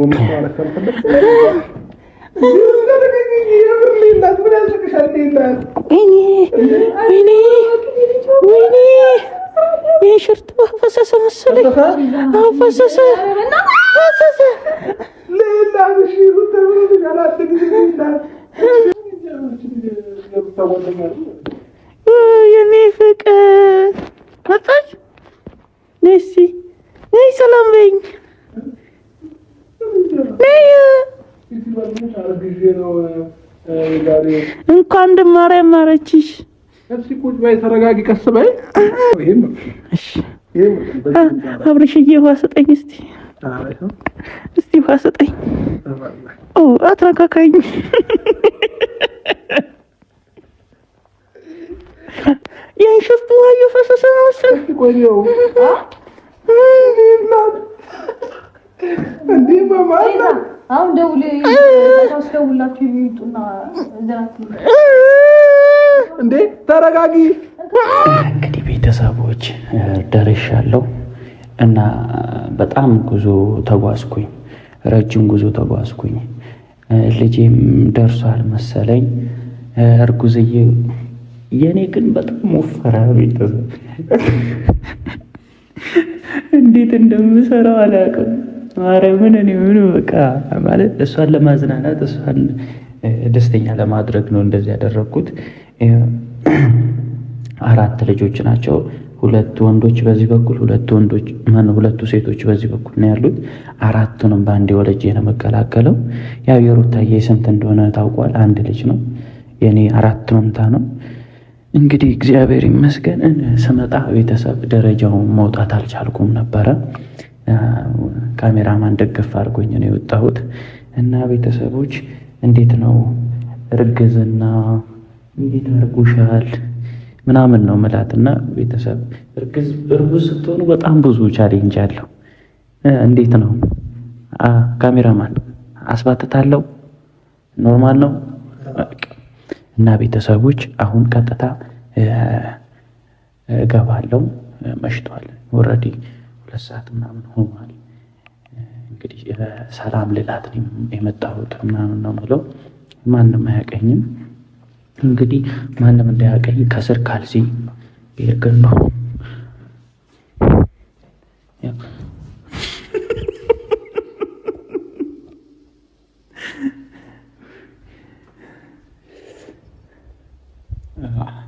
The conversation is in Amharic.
የሽርት ፈሰሰ መሰለኝ። ፈሰሰ ፈሰሰ። የኔ ፍቅር መጣች። ነይ ሰላም በይኝ እንኳን ማርያም ያማረችሽ። ተረጋጊ፣ ቀስ በይ። አብረሽዬ ውሃ ስጠኝ እስቲ፣ እስቲ ውሃ ስጠኝ። አትነካካኝ። የአንሾፍቱ ውሃ እየፈሰሰ ነው መሰል አሁን ደውል ሁላችሁ ይውጡና እንዴ፣ ተረጋጊ። እንግዲህ ቤተሰቦች ደርሻለሁ እና በጣም ጉዞ ተጓዝኩኝ፣ ረጅም ጉዞ ተጓዝኩኝ። ልጄም ደርሷል መሰለኝ እርጉዝዬ። የእኔ ግን በጣም ወፈረ። ቤተሰብ እንዴት እንደምሰራው አላውቅም። ኧረ ምን እኔ ምን በቃ ማለት እሷን ለማዝናናት እሷን ደስተኛ ለማድረግ ነው እንደዚህ ያደረግኩት። አራት ልጆች ናቸው። ሁለቱ ወንዶች በዚህ በኩል ሁለቱ ወንዶች ማነው ሁለቱ ሴቶች በዚህ በኩል ነው ያሉት። አራቱንም በአንድ ወለጄ ነው መቀላቀለው። ያው የሩታዬ ስንት እንደሆነ ታውቋል። አንድ ልጅ ነው የኔ አራት መምታ ነው። እንግዲህ እግዚአብሔር ይመስገን ስመጣ ቤተሰብ ደረጃውን መውጣት አልቻልኩም ነበረ። ካሜራማን ደገፍ አድርጎኝ ነው የወጣሁት። እና ቤተሰቦች እንዴት ነው እርግዝና እንዴት አድርጎሻል ምናምን ነው ምላት እና ቤተሰብ እርጉዝ ስትሆኑ በጣም ብዙ ቻሌንጅ አለው። እንዴት ነው ካሜራማን አስባትታለው ኖርማል ነው። እና ቤተሰቦች አሁን ቀጥታ እገባለው። መሽቷል፣ ወረዲ ሁለት ሰዓት ምናምን ሆኗል። እንግዲህ ሰላም ልላት የመጣሁት ምናምን ነው ምለው። ማንም አያቀኝም። እንግዲህ ማንም እንዳያቀኝ ከስር ካልሲ ግን ነው Yeah.